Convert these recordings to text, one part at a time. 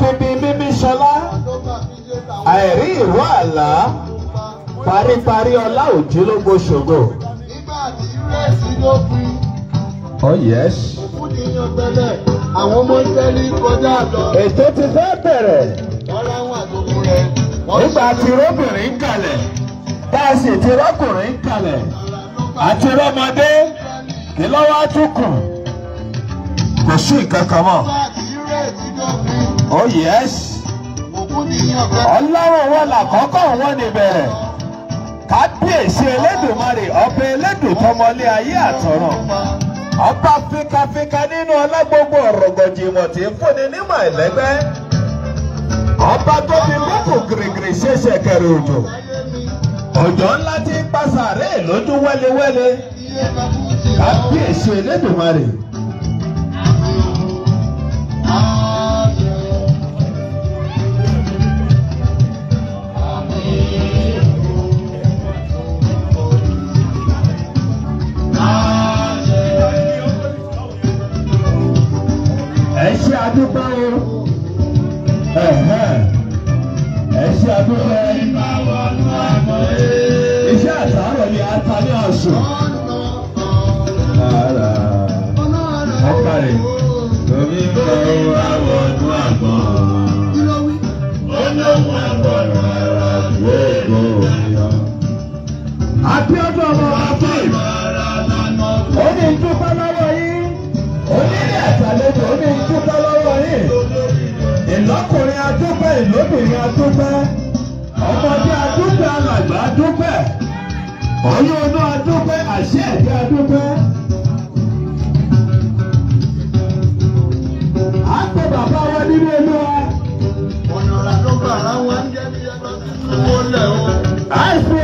fi bí mímí ṣọlá àìrí ìró àlá paríparí ọlá òjìlógo oh yes. ètò ti fẹ́ bẹ̀rẹ̀. nígbà tí róbìnrin kalẹ̀ bá a sì ti rọ́kùnrin kalẹ̀ àti rọ́mọdé kí lọ́wọ́ á tún kù kò sí nǹkan kan mọ́ oh yes ọlọ́run wọn làkọ́kọ́ wọn ni bẹ̀rẹ̀ kábíyèsí elédùnmarè ọba elédùn tọmọlé ayé àtọ̀run ọba fikafika nínú ọlágbogbo ọ̀rọ̀gọ̀jìmọ̀ tí ń fúnni nímọ̀ ẹ̀lẹ́gbẹ́ ọba tó fi kókò gírígírí ṣẹ̀ṣẹ̀ kẹrì òjò òjò ńlá tí ń pa sàárè lójú wẹ́lẹ́wẹ́lẹ́ kábíyèsí elédùnmarè. adúpẹ́ o ẹ ṣe adúpẹ́ iṣẹ́ àtàárọ̀ ni a ta ní àṣù. lóbìnrin adúpẹ́ ọmọdé adúpẹ́ alàgbà adúpẹ́ oyún inú adúpẹ́ àṣẹ ẹ̀dí adúpẹ́. a pè bàbá wa nínú inú wa. ọ̀nà àdúgbò ara wa ń jẹ́ bí ẹgbẹ́ tuntun wọlé o.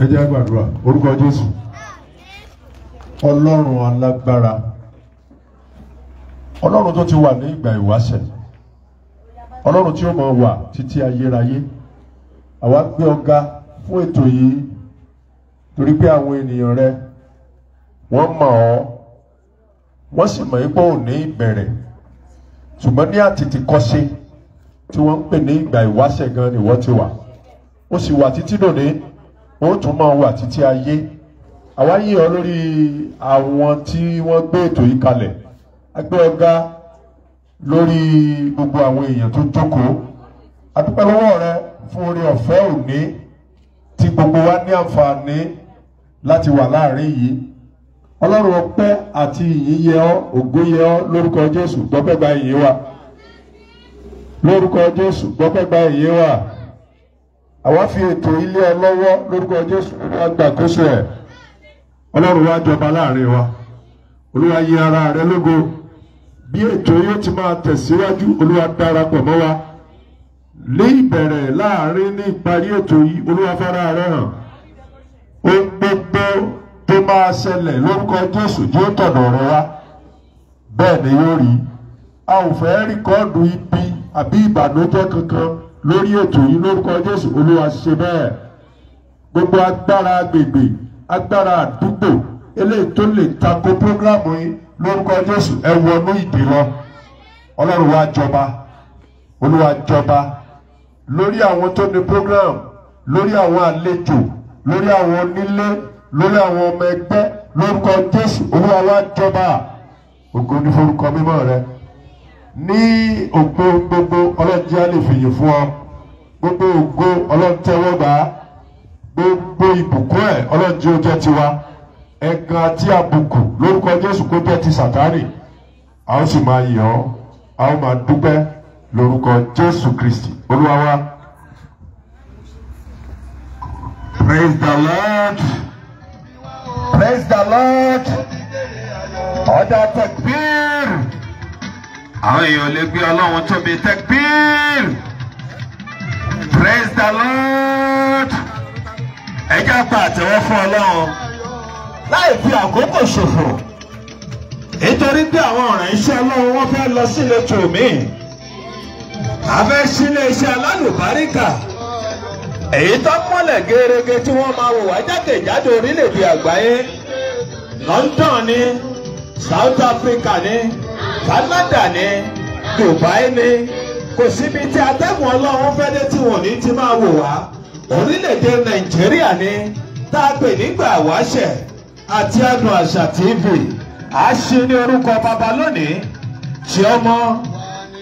ẹ jẹ́ àgbàdúrà orúkọ Jésù ọlọ́run alágbára ọlọ́run tó ti wà ní ìgbà ìwáṣẹ̀ ọlọ́run tí ó máa wà títí ayérayé àwa gbé ọ̀gá fún ètò yìí torí pé àwọn ènìyàn rẹ wọ́n mọ̀ ọ́ wọ́n sì mọ̀ ipò òní ìbẹ̀rẹ̀ ṣùgbọ́n ní àtètè kọ́ṣe tí wọ́n ń pè ní ìgbà ìwáṣẹ̀ gan ni wọ́n ti wà ó sì wà títí dòní ó tún máa wà títí ayé àwa yìn ọ́ lórí àwọn tí wọ́n gbé ètò yìí kalẹ̀ agbé ọ̀gá lórí gbogbo àwọn èèyàn tó jókòó a dúpẹ́ lọ́wọ́ rẹ fún oore ọ̀fẹ́ òní tí gbogbo wa ní àǹfààní láti wà láàrin yìí ọlọ́run ọpẹ́ àti ìyìn yẹ ọ́ ògo yẹ ọ́ lórúkọ jésù gbọ́pẹ́ gba ìyìn lórúkọ jésù gbọ́pẹ́ gba ìyìn àwa fi ètò ilé ọlọ́wọ́ lórúkọ Jésù olúwa gbàkóso ẹ̀ ọlọ́run wá jọba láàrin wa olúwa yìn ara rẹ lógo bí ètò yóò ti máa tẹ̀síwájú olúwa darapọ̀ mọ́ wa lé ìbẹ̀rẹ̀ láàrin ní ìparí ètò yìí olúwa fara rẹ hàn ohun gbogbo tó máa ṣẹlẹ̀ lórúkọ Jésù yóò tọ̀dọ̀ rẹ wá bẹ́ẹ̀ ni yóò rí a ò fẹ́ rìkọ́ọ̀dù ibi àbí ìbànújẹ́ kankan lórí ètò yìí lórúkọ Jésù Olúwa ṣe bẹ́ẹ̀ gbogbo agbára agbègbè agbára àdúgbò eléyìí tó lè tako programu yìí lórúkọ Jésù ẹ wọnú ìdè lọ Ọlọ́run wa jọba Olúwa jọba lórí àwọn tó ní program lórí àwọn àlejò lórí àwọn onílé lórí àwọn ọmọ ẹgbẹ́ lórúkọ Jésù Olúwa wa jọba ògo ní forúkọ mímọ́ rẹ ní ògo gbogbo ọlọ́jẹ́ á lè fìyè fún ọ gbogbo ògo ọlọ́tẹ́wọ́gbà gbogbo ìbùkún ẹ̀ ọlọ́jẹ́ ó jẹ́ tiwa ẹ̀gàn àti àbùkù lórúkọ Jésù kó jẹ́ ti Sátánì a ó sì máa yọ̀ ọ́ a ó máa dúpẹ́ lórúkọ Jésù Kristi Olúwa Praise the Lord. Praise the Lord. Ọ̀dà tẹ̀gbìn. àwọn èèyàn lè gbé ọlọ́run tóbi tẹ́kbíl praise the lord ẹ jẹ́ pa àtẹ́wọ́ fún ọlọ́run láì fi àkókò ṣòfò nítorí pé àwọn ìránṣẹ́ ọlọ́run wọ́n fẹ́ lọ sílé tòmí a fẹ́ sílé iṣẹ́ alálùbáríkà èyí tó mọ́lẹ̀ gẹ́rẹ́gẹ́ tí wọ́n máa wò wá jákèjádò orílẹ̀-èdè àgbáyé London ní South Africa ní. Canada ni Dubai ni kò síbi tí atẹ́gùn ọlọ́run fẹ́ dé tí wọ́n ní ti máa wò wá orílẹ̀-èdè Nàìjíríà ni tá a pè nígbà wáṣẹ̀ àti Adùn Àṣà TV àṣì ní orúkọ bàbá lónìí tí ọmọ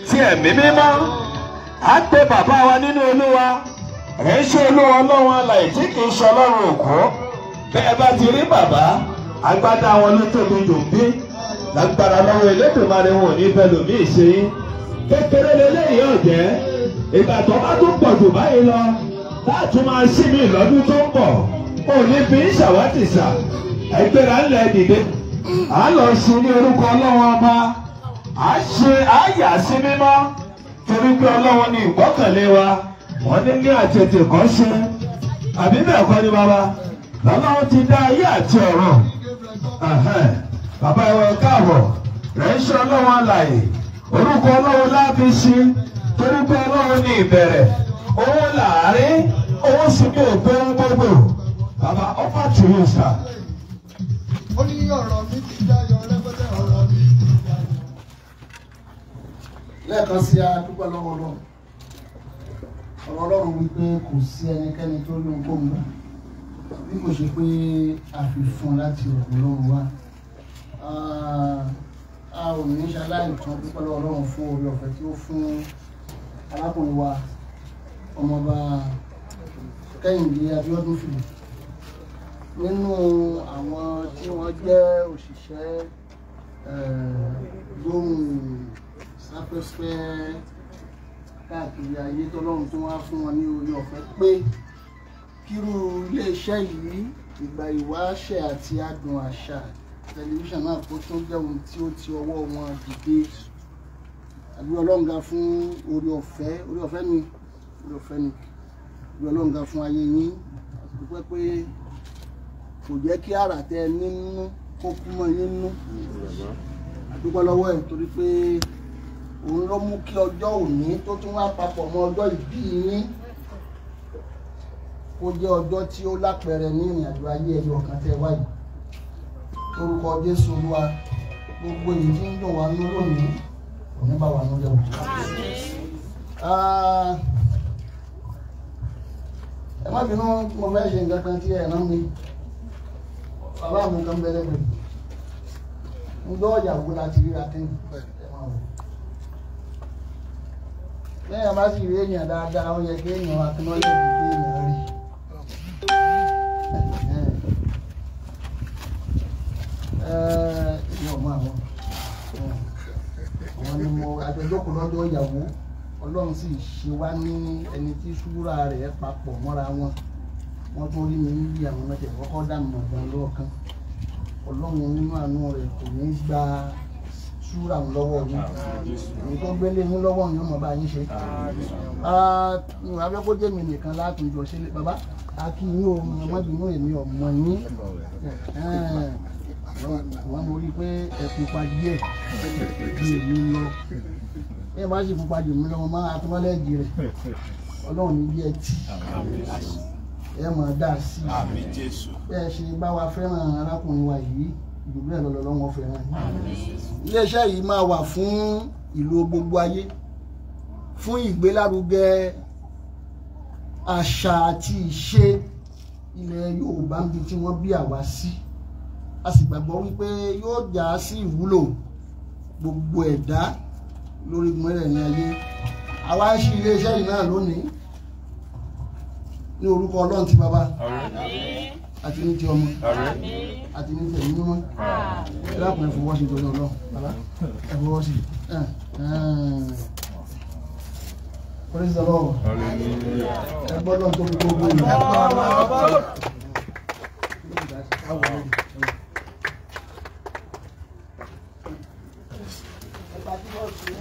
tí ẹ̀mí mímọ́ á pe bàbá wa nínú Olúwa rẹ̀ ṣe olúwa ọlọ́run alàyè tí kì í ṣe ọlọ́run òkú bẹ́ẹ̀ bá ti rí bàbá agbádá wọn ló tóbi dùn bí lágbára lọ́wọ́ Elédùmarè wọn ò ní fẹ́ lòmí ìṣe yín kékeré lélẹ́yìí ọ̀jẹ́ ìgbà tó bá tún pọ̀ jù báyìí lọ láti máa sí mi lọ́dún tó ń bọ̀ ò ní fi ń ṣàwátìsà ẹgbẹ́ra ńlẹ̀ dìde à ń lọ sí ní orúkọ Ọlọ́run ọba à ṣe àyà sí mímọ́ torí pé Ọlọ́run ni ìgbọ́kànlé wa wọ́n ní ní àtètè kọ́ ṣe àbí bẹ́ẹ̀ kọ́ ni bàbá lọ́lọ́run ti dá ayé àti ọ̀run bàbá ẹ̀wọ̀ ẹ̀ káàbọ̀ rẹ̀ ń ṣe ọlọ́run àlàyé orúkọ ọlọ́run láti ṣí torí pé ọlọ́run ní ìbẹ̀rẹ̀ owó làárín owó sì ní òpin gbogbo bàbá ọfà tù yín sà. ó ní ọ̀rọ̀ mi ti dayọ̀ rẹ́pẹ́tẹ́ ọ̀rọ̀ mi ti dayọ̀. lẹ́ẹ̀kan sí adúgbò lọ́wọ́ lọ́wọ́ ọ̀rọ̀ ọlọ́run wípé kò sí ẹnikẹ́ni tó lóun kó mu bí kò ṣe pé àfihàn láti ọ̀rọ̀ lọ́run wá a ò ní ṣaláìtàn púpọ̀ lọ́wọ́ ọlọ́run fún orí ọ̀fẹ́ tí ó fún arákùnrin wa ọmọọba kẹ́hìndé abíọ́dún fìlì nínú àwọn tí wọ́n jẹ́ òṣìṣẹ́ gbóhùn sáfẹ́fẹ́ káàkiri ayé tọ́lọ́run tó wá fún wọn ní orí ọ̀fẹ́ pé kírú iléeṣẹ́ yìí ìgbà ìwáṣẹ̀ àti adùn àṣà tẹlifíṣàn náà kó tó jẹ́ ohun tí ó ti ọwọ́ wọn dìde àbí ọlọ́ǹga fún orí ọ̀fẹ́ orí ọ̀fẹ́ ni orí ọ̀fẹ́ ni àbí ọlọ́ǹga fún ayé yín dúpẹ́ pé kò jẹ́ kí àrà tẹ nínú kó kú mọ́ yín nú àdúpẹ́ lọ́wọ́ ẹ̀ torí pé òun ló mú kí ọjọ́ òní tó tún wá papọ̀ mọ́ ọjọ́ ìbí yín kó jẹ́ ọjọ́ tí ó lápẹẹrẹ ní ìrìn àjò ayé ẹ̀yọ̀ kan tẹ́ wáyìí lórúkọ Jésù Olúwa gbogbo èyí tí ń dùn wá ní lónìí òní bá wà nílẹ̀ wò. ẹ má bínú mo fẹ́ ṣe nǹkan kan tí ẹ̀ rán mi bàbá mi kan bẹ́lẹ̀ bẹ́ẹ̀ ń gbọ́ ìyàwó láti ríra tẹ́yìn lẹ́yìn bá sì rí èèyàn dáadáa ó yẹ kí èèyàn akínọ́lẹ̀ gbígbé èèyàn ìyá ọmọ àwọn àwọn ni mo àjọjọkùn lọ́jọ́ ìyàwó ọlọ́run sì ṣe wá ní ẹni tí ṣúra rẹ̀ papọ̀ mọ́ra wọn wọ́n tún rí mi níbi àwọn ọmọdé kọ́kọ́ dànù ọ̀gbọ́n lọ́ọ̀kan ọlọ́run nínú àánú rẹ̀ kò ní gba ṣúra ń lọ́wọ́ yín èyí tó gbélé yín lọ́wọ́ yín ọmọ bá yín ṣe abẹ́kọ́jẹ́ mi nìkan láti jọ ṣe bàbá a kì í yín o ọmọ bínú èmi ọmọ yín wọn mo rí pé ẹ pupa díẹ̀ ju èmi lọ ẹ má sì pupa jù mí lọ wọn máa atúmọ̀lẹ́jì rẹ ọlọ́run ní bí ẹ tì ẹ mọ̀ dá sí i ẹ ṣe bá wa fẹ́ràn arákùnrin wa yìí ìlú bẹ́ẹ̀ lọ́lọ́ lọ́wọ́ fẹ́ràn iléeṣẹ́ yìí máa wà fún ìlú gbogbo ayé fún ìgbélárugẹ àṣà àti ìṣe ilẹ̀ Yorùbá níbi tí wọ́n bí àwa sí. Si a sì gbàgbọ́ wípé yóò já sí ìwúlò gbogbo ẹ̀dá lórí mẹ́rẹ̀ẹ̀rin ayé àwa ń ṣí iléeṣẹ́ yìí náà lónìí ní orúkọ ọlọ́run ti bàbá àti ní ti ọmọ àti ní tẹ̀mí mímọ́ ẹ dákun ẹ fọwọ́ ọlọ́run bàbá ẹ fọwọ́ ẹ gbọ́dọ̀ tó gbogbo ìlú.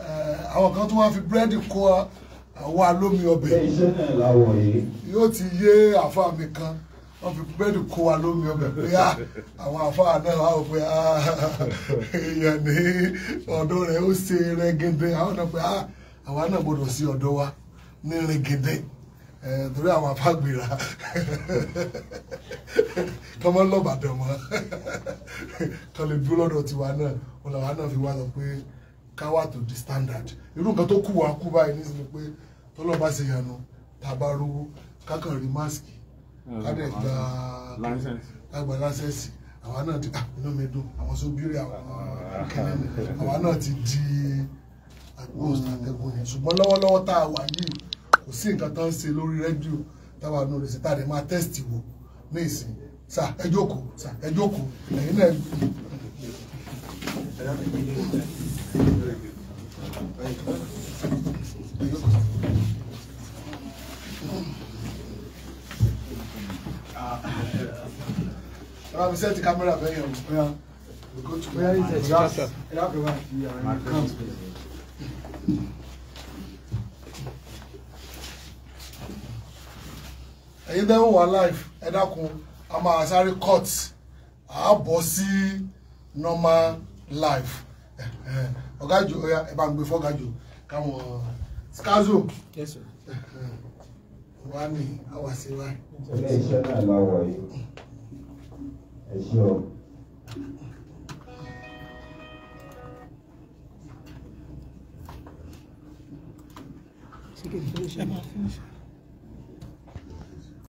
Eh, àwọn kan tó wá fi búrẹ́dì kó wa lómi ọbẹ̀ yóò ti yé àfa mi kan wọ́n fi búrẹ́dì kó wa lómi ọbẹ̀ pé ah! àwọn àfa náà wà ó pé ah! èèyàn ní ọ̀dọ́ rẹ̀ ó ṣe rẹ́gẹ́dẹ́ àwọn náà pé ah! àwa náà gbọ́dọ̀ sí ọ̀dọ́ wa ní rẹ́gẹ́dẹ́ eh, torí àwọn afágbèrà tọmọ lọ́bàdàn mọ́ tọ́lẹ̀ dúró lọ́dọ̀ tiwa náà wọn náà fi wá lọ pé ká wà tó standard irú nǹkan tó kù wá kú báyìí nísìnyí pé tọ́lọ́ bá ṣe yànnà tàbá rówó kákan rí máàsì kádẹ̀ gba lágbà lásẹ̀sì àwa náà ti ah, inú mi dùn àwọn tó bírè àwọn kẹ́lẹ́lẹ̀ àwa náà ti di àgbóhùn àtẹ̀gùn yẹn ṣùgbọ́n lọ́wọ́lọ́wọ́ tá a wà yìí kò sí nǹkan tó ń ṣe lórí rédíò táwa náà lè ṣe tá a lè máa tẹ́sítì wò ní ìsìn sà ẹ jókòó sà ẹ jókòó ẹ̀yin náà. Rabi set the camera very eh, well. Um, yeah. We go to where is it? Just it have one. Yeah. Eh, come. Ẹ̀yin bẹ́ẹ̀ wà live ẹ dákun a máa sáré cut a bọ̀ sí normal life. ọ̀gá jù ọ̀yà ẹ̀ bá ń gbé fọ́gá jù káwọn skazo wà ní àwàsí wa. ilé iṣẹ́ náà la wọ̀ yìí ẹ ṣé o. Take it,